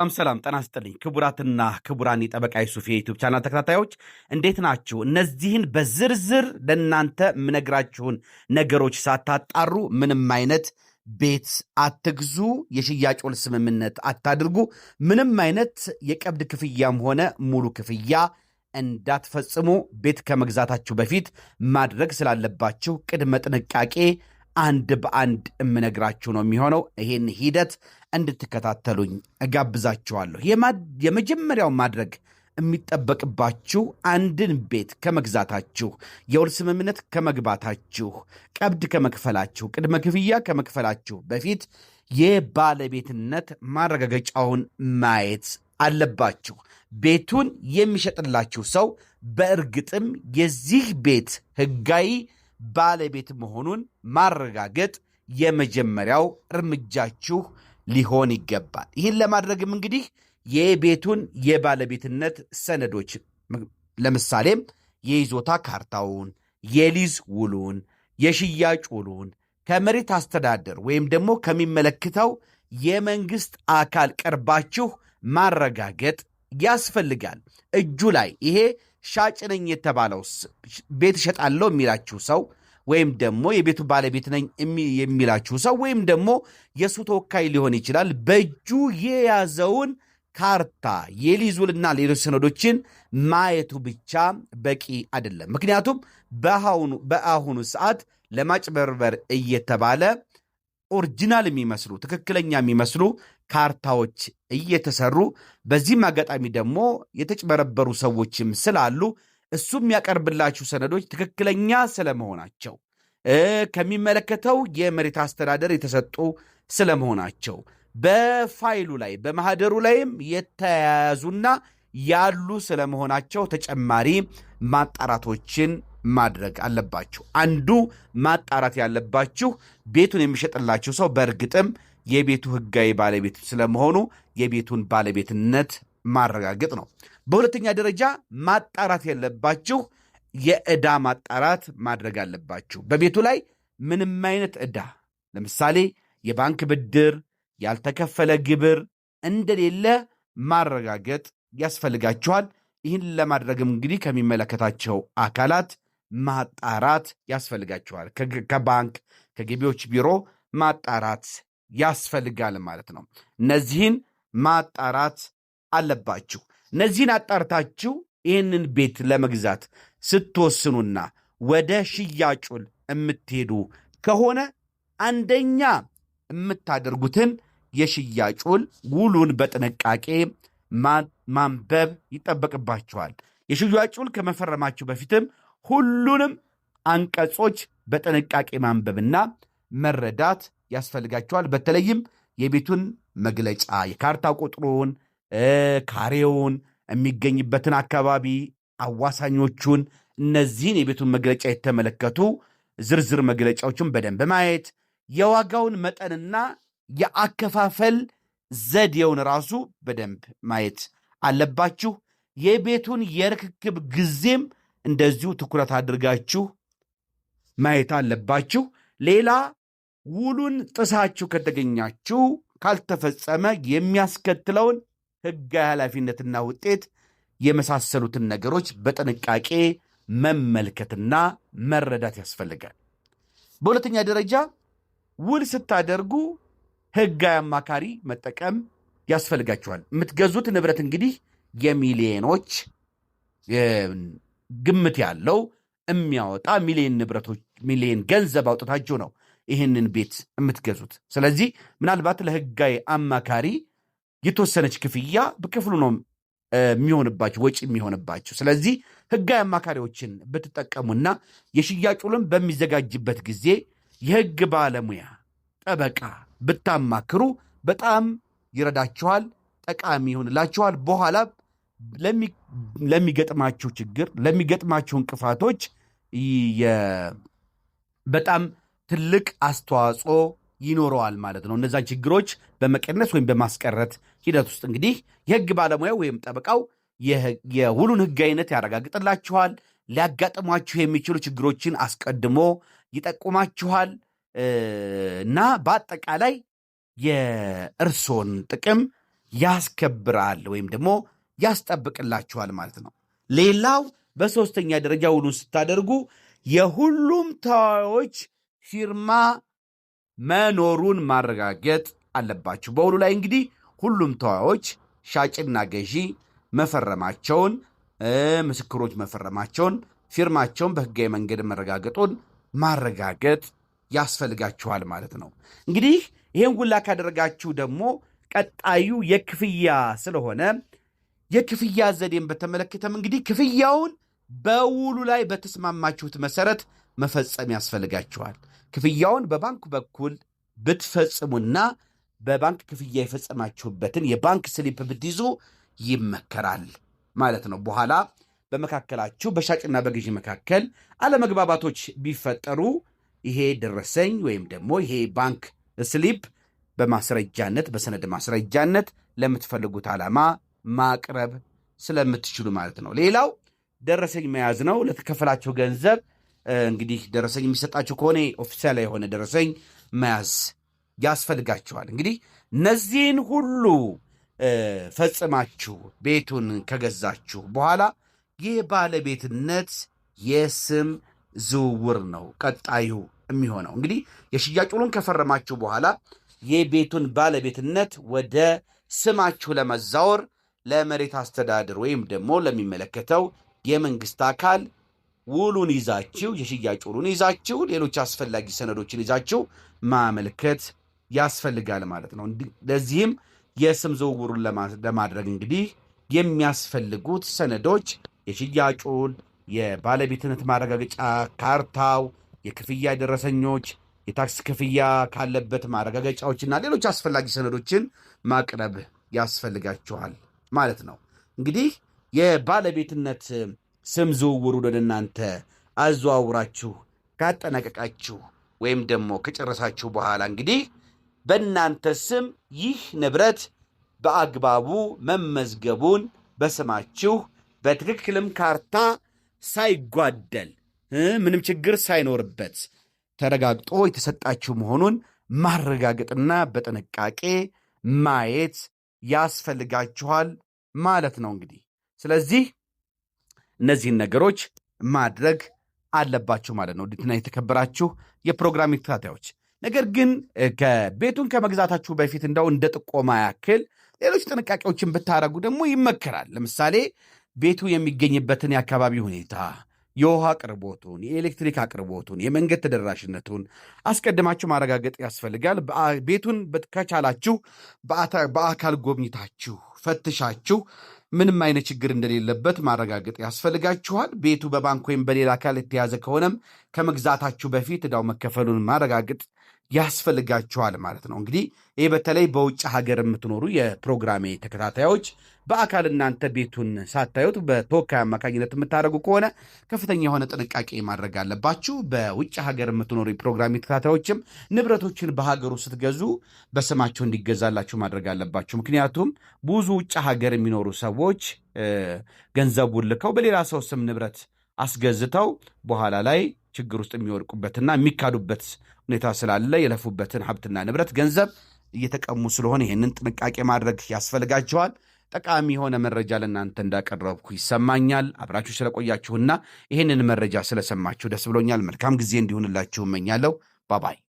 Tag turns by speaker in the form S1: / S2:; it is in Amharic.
S1: በጣም ሰላም ጠና ስጥልኝ ክቡራትና ክቡራን የጠበቃ ዩሱፍ የዩቱብ ቻናል ተከታታዮች እንዴት ናችሁ? እነዚህን በዝርዝር ለእናንተ የምነግራችሁን ነገሮች ሳታጣሩ ምንም አይነት ቤት አትግዙ፣ የሽያጭ ውል ስምምነት አታድርጉ፣ ምንም አይነት የቀብድ ክፍያም ሆነ ሙሉ ክፍያ እንዳትፈጽሙ ቤት ከመግዛታችሁ በፊት ማድረግ ስላለባችሁ ቅድመ ጥንቃቄ አንድ በአንድ የምነግራችሁ ነው የሚሆነው። ይህን ሂደት እንድትከታተሉኝ እጋብዛችኋለሁ። የመጀመሪያው ማድረግ የሚጠበቅባችሁ አንድን ቤት ከመግዛታችሁ፣ የውል ስምምነት ከመግባታችሁ፣ ቀብድ ከመክፈላችሁ፣ ቅድመ ክፍያ ከመክፈላችሁ በፊት የባለቤትነት ማረጋገጫውን ማየት አለባችሁ። ቤቱን የሚሸጥላችሁ ሰው በእርግጥም የዚህ ቤት ሕጋዊ ባለቤት መሆኑን ማረጋገጥ የመጀመሪያው እርምጃችሁ ሊሆን ይገባል። ይህን ለማድረግም እንግዲህ የቤቱን የባለቤትነት ሰነዶች ለምሳሌም የይዞታ ካርታውን፣ የሊዝ ውሉን፣ የሽያጭ ውሉን ከመሬት አስተዳደር ወይም ደግሞ ከሚመለከተው የመንግስት አካል ቀርባችሁ ማረጋገጥ ያስፈልጋል። እጁ ላይ ይሄ ሻጭ ነኝ የተባለው ቤት እሸጣለሁ የሚላችሁ ሰው ወይም ደግሞ የቤቱ ባለቤት ነኝ የሚላችሁ ሰው ወይም ደግሞ የእሱ ተወካይ ሊሆን ይችላል። በእጁ የያዘውን ካርታ የሊዙልና ሌሎች ሰነዶችን ማየቱ ብቻ በቂ አይደለም። ምክንያቱም በአሁኑ ሰዓት ለማጭበርበር እየተባለ ኦሪጂናል የሚመስሉ ትክክለኛ የሚመስሉ ካርታዎች እየተሰሩ በዚህም አጋጣሚ ደግሞ የተጭበረበሩ ሰዎችም ስላሉ እሱ የሚያቀርብላችሁ ሰነዶች ትክክለኛ ስለመሆናቸው ከሚመለከተው የመሬት አስተዳደር የተሰጡ ስለመሆናቸው በፋይሉ ላይ በማህደሩ ላይም የተያያዙና ያሉ ስለመሆናቸው ተጨማሪ ማጣራቶችን ማድረግ አለባችሁ። አንዱ ማጣራት ያለባችሁ ቤቱን የሚሸጥላችሁ ሰው በእርግጥም የቤቱ ሕጋዊ ባለቤት ስለመሆኑ የቤቱን ባለቤትነት ማረጋገጥ ነው። በሁለተኛ ደረጃ ማጣራት ያለባችሁ የዕዳ ማጣራት ማድረግ አለባችሁ። በቤቱ ላይ ምንም አይነት ዕዳ ለምሳሌ የባንክ ብድር፣ ያልተከፈለ ግብር እንደሌለ ማረጋገጥ ያስፈልጋችኋል። ይህን ለማድረግም እንግዲህ ከሚመለከታቸው አካላት ማጣራት ያስፈልጋቸዋል። ከባንክ ከገቢዎች ቢሮ ማጣራት ያስፈልጋል ማለት ነው። እነዚህን ማጣራት አለባችሁ። እነዚህን አጣርታችሁ ይህንን ቤት ለመግዛት ስትወስኑና ወደ ሽያጩል የምትሄዱ ከሆነ አንደኛ የምታደርጉትን የሽያጩል ውሉን በጥንቃቄ ማንበብ ይጠበቅባችኋል። የሽያጩል ከመፈረማችሁ በፊትም ሁሉንም አንቀጾች በጥንቃቄ ማንበብና መረዳት ያስፈልጋቸዋል። በተለይም የቤቱን መግለጫ የካርታ ቁጥሩን፣ ካሬውን፣ የሚገኝበትን አካባቢ፣ አዋሳኞቹን እነዚህን የቤቱን መግለጫ የተመለከቱ ዝርዝር መግለጫዎችን በደንብ ማየት የዋጋውን መጠንና የአከፋፈል ዘዴውን ራሱ በደንብ ማየት አለባችሁ። የቤቱን የርክክብ ጊዜም እንደዚሁ ትኩረት አድርጋችሁ ማየት አለባችሁ። ሌላ ውሉን ጥሳችሁ ከተገኛችሁ ካልተፈጸመ የሚያስከትለውን ሕጋዊ ኃላፊነትና ውጤት የመሳሰሉትን ነገሮች በጥንቃቄ መመልከትና መረዳት ያስፈልጋል። በሁለተኛ ደረጃ ውል ስታደርጉ ሕጋዊ አማካሪ መጠቀም ያስፈልጋችኋል። የምትገዙት ንብረት እንግዲህ የሚሊዮኖች ግምት ያለው የሚያወጣ ሚሊየን ንብረቶች ሚሊየን ገንዘብ አውጥታችሁ ነው ይህንን ቤት የምትገዙት። ስለዚህ ምናልባት ለህጋዊ አማካሪ የተወሰነች ክፍያ በክፍሉ ነው የሚሆንባችሁ ወጪ የሚሆንባችሁ። ስለዚህ ህጋዊ አማካሪዎችን ብትጠቀሙና የሽያጩንም በሚዘጋጅበት ጊዜ የህግ ባለሙያ ጠበቃ ብታማክሩ በጣም ይረዳችኋል፣ ጠቃሚ ይሆንላችኋል። በኋላ ለሚገጥማቸው ችግር ለሚገጥማቸው እንቅፋቶች በጣም ትልቅ አስተዋጽኦ ይኖረዋል ማለት ነው። እነዛን ችግሮች በመቀነስ ወይም በማስቀረት ሂደት ውስጥ እንግዲህ የህግ ባለሙያው ወይም ጠበቃው ህግ ህጋዊነት ያረጋግጥላችኋል። ሊያጋጥሟችሁ የሚችሉ ችግሮችን አስቀድሞ ይጠቁማችኋል እና በአጠቃላይ የእርሶን ጥቅም ያስከብራል ወይም ደግሞ ያስጠብቅላችኋል ማለት ነው። ሌላው በሶስተኛ ደረጃ ውሉን ስታደርጉ የሁሉም ተዋዎች ፊርማ መኖሩን ማረጋገጥ አለባችሁ። በውሉ ላይ እንግዲህ ሁሉም ተዋዎች ሻጭና ገዢ መፈረማቸውን፣ ምስክሮች መፈረማቸውን፣ ፊርማቸውን በህጋዊ መንገድ መረጋገጡን ማረጋገጥ ያስፈልጋችኋል ማለት ነው። እንግዲህ ይህን ሁላ ካደረጋችሁ ደግሞ ቀጣዩ የክፍያ ስለሆነ የክፍያ ዘዴን በተመለከተም እንግዲህ ክፍያውን በውሉ ላይ በተስማማችሁት መሰረት መፈጸም ያስፈልጋችኋል። ክፍያውን በባንክ በኩል ብትፈጽሙና በባንክ ክፍያ የፈጸማችሁበትን የባንክ ስሊፕ ብትይዙ ይመከራል ማለት ነው። በኋላ በመካከላችሁ በሻጭና በግዢ መካከል አለመግባባቶች ቢፈጠሩ ይሄ ደረሰኝ ወይም ደግሞ ይሄ ባንክ ስሊፕ በማስረጃነት በሰነድ ማስረጃነት ለምትፈልጉት ዓላማ ማቅረብ ስለምትችሉ ማለት ነው። ሌላው ደረሰኝ መያዝ ነው። ለተከፈላቸው ገንዘብ እንግዲህ ደረሰኝ የሚሰጣቸው ከሆነ ኦፊሻል የሆነ ደረሰኝ መያዝ ያስፈልጋቸዋል። እንግዲህ እነዚህን ሁሉ ፈጽማችሁ ቤቱን ከገዛችሁ በኋላ ይህ ባለቤትነት የስም ዝውውር ነው ቀጣዩ የሚሆነው። እንግዲህ የሽያጭ ውሉን ከፈረማችሁ በኋላ የቤቱን ባለቤትነት ወደ ስማችሁ ለመዛወር ለመሬት አስተዳደር ወይም ደግሞ ለሚመለከተው የመንግስት አካል ውሉን ይዛችሁ የሽያጭ ውሉን ይዛችሁ ሌሎች አስፈላጊ ሰነዶችን ይዛችሁ ማመልከት ያስፈልጋል ማለት ነው። ለዚህም የስም ዝውውሩን ለማድረግ እንግዲህ የሚያስፈልጉት ሰነዶች የሽያጭ ውል፣ የባለቤትነት ማረጋገጫ ካርታው፣ የክፍያ ደረሰኞች፣ የታክስ ክፍያ ካለበት ማረጋገጫዎችና ሌሎች አስፈላጊ ሰነዶችን ማቅረብ ያስፈልጋችኋል። ማለት ነው። እንግዲህ የባለቤትነት ስም ዝውውሩ ወደ እናንተ አዘዋውራችሁ ካጠናቀቃችሁ ወይም ደግሞ ከጨረሳችሁ በኋላ እንግዲህ በእናንተ ስም ይህ ንብረት በአግባቡ መመዝገቡን በስማችሁ በትክክልም ካርታ ሳይጓደል ምንም ችግር ሳይኖርበት ተረጋግጦ የተሰጣችሁ መሆኑን ማረጋገጥና በጥንቃቄ ማየት ያስፈልጋችኋል ማለት ነው። እንግዲህ ስለዚህ እነዚህን ነገሮች ማድረግ አለባችሁ ማለት ነው። ድትና የተከበራችሁ የፕሮግራም ተከታታዮች፣ ነገር ግን ቤቱን ከመግዛታችሁ በፊት እንደው እንደ ጥቆማ ያክል ሌሎች ጥንቃቄዎችን ብታደርጉ ደግሞ ይመከራል። ለምሳሌ ቤቱ የሚገኝበትን የአካባቢ ሁኔታ የውሃ አቅርቦቱን፣ የኤሌክትሪክ አቅርቦቱን፣ የመንገድ ተደራሽነቱን አስቀድማችሁ ማረጋገጥ ያስፈልጋል። ቤቱን ከቻላችሁ በአካል ጎብኝታችሁ ፈትሻችሁ ምንም አይነት ችግር እንደሌለበት ማረጋገጥ ያስፈልጋችኋል። ቤቱ በባንክ ወይም በሌላ አካል የተያዘ ከሆነም ከመግዛታችሁ በፊት ዕዳው መከፈሉን ማረጋገጥ ያስፈልጋችኋል ማለት ነው። እንግዲህ ይህ በተለይ በውጭ ሀገር የምትኖሩ የፕሮግራሜ ተከታታዮች በአካል እናንተ ቤቱን ሳታዩት በተወካይ አማካኝነት የምታደርጉ ከሆነ ከፍተኛ የሆነ ጥንቃቄ ማድረግ አለባችሁ። በውጭ ሀገር የምትኖሩ የፕሮግራሜ ተከታታዮችም ንብረቶችን በሀገሩ ስትገዙ በስማቸው እንዲገዛላችሁ ማድረግ አለባችሁ። ምክንያቱም ብዙ ውጭ ሀገር የሚኖሩ ሰዎች ገንዘቡን ልከው በሌላ ሰው ስም ንብረት አስገዝተው በኋላ ላይ ችግር ውስጥ የሚወድቁበትና የሚካዱበት ሁኔታ ስላለ የለፉበትን ሀብትና ንብረት ገንዘብ እየተቀሙ ስለሆነ ይህንን ጥንቃቄ ማድረግ ያስፈልጋቸዋል። ጠቃሚ የሆነ መረጃ ለእናንተ እንዳቀረብኩ ይሰማኛል። አብራችሁ ስለቆያችሁና ይህንን መረጃ ስለሰማችሁ ደስ ብሎኛል። መልካም ጊዜ እንዲሆንላችሁ እመኛለሁ። ባባይ